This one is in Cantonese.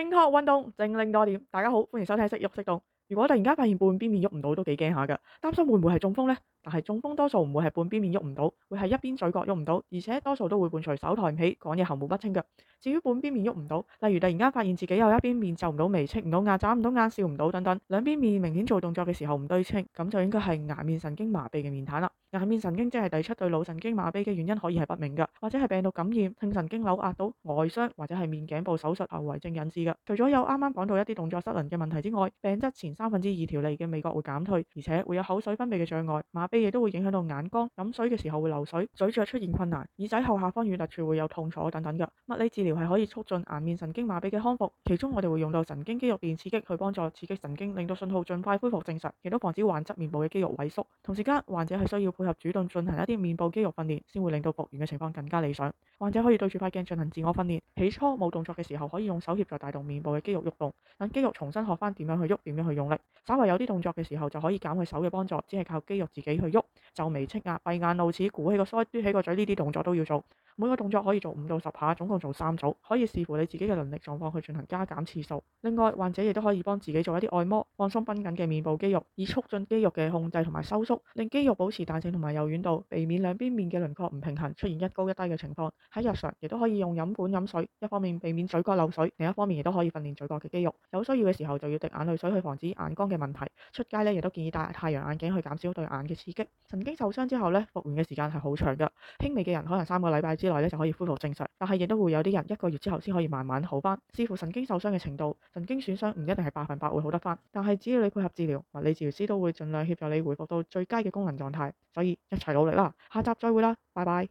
正確運動正令多點，大家好，歡迎收睇《識喐適動》。如果突然間發現半邊面喐唔到，都幾驚下噶，擔心會唔會係中風呢？但係中風多數唔會係半邊面喐唔到，會係一邊嘴角喐唔到，而且多數都會伴隨手抬唔起、講嘢含糊不清嘅。至於半邊面喐唔到，例如突然間發現自己有一邊面皺唔到、眉戚唔到、眼，眨唔到眼、眼笑唔到等等，兩邊面明顯做動作嘅時候唔對稱，咁就應該係顏面神經麻痹嘅面癱啦。眼面神經即係第七對腦神經麻痹嘅原因，可以係不明嘅，或者係病毒感染、聽神經扭壓到外傷、外傷或者係面頸部手術後遺症引致嘅。除咗有啱啱講到一啲動作失能嘅問題之外，病側前三分之二條脷嘅味覺會減退，而且會有口水分泌嘅障礙，麻痹亦都會影響到眼光，飲水嘅時候會流水，嘴嚼出現困難，耳仔後下方軟突處會有痛楚等等嘅。物理治療係可以促進眼面神經麻痹嘅康復，其中我哋會用到神經肌肉電刺激去幫助刺激神經，令到信號盡快恢復正常，亦都防止患側面部嘅肌肉萎縮。同時間患者係需要。配合主動進行一啲面部肌肉訓練，先會令到復原嘅情況更加理想。患者可以對住塊鏡進行自我訓練，起初冇動作嘅時候，可以用手協助帶動面部嘅肌肉喐動，等肌肉重新學翻點樣去喐，點樣去用力。稍為有啲動作嘅時候，就可以減去手嘅幫助，只係靠肌肉自己去喐。皺眉、擠壓、閉眼、露齒、鼓起個腮、嘟起個嘴，呢啲動作都要做。每個動作可以做五到十下，總共做三組，可以視乎你自己嘅能力狀況去進行加減次數。另外，患者亦都可以幫自己做一啲按摩，放鬆繃緊嘅面部肌肉，以促進肌肉嘅控制同埋收縮，令肌肉保持彈性同埋柔軟度，避免兩邊面嘅輪廓唔平衡，出現一高一低嘅情況。喺日常亦都可以用飲管飲水，一方面避免嘴角漏水，另一方面亦都可以訓練嘴角嘅肌肉。有需要嘅時候就要滴眼淚水去防止眼乾嘅問題。出街呢亦都建議戴太陽眼鏡去減少對眼嘅刺激。神經受傷之後呢，復原嘅時間係好長噶。輕微嘅人可能三個禮拜之內咧就可以恢復正常，但係亦都會有啲人一個月之後先可以慢慢好翻。視乎神經受傷嘅程度，神經損傷唔一定係百分百會好得翻，但係只要你配合治療，物理治療師都會盡量協助你回復到最佳嘅功能狀態。所以一齊努力啦，下集再會啦，拜拜。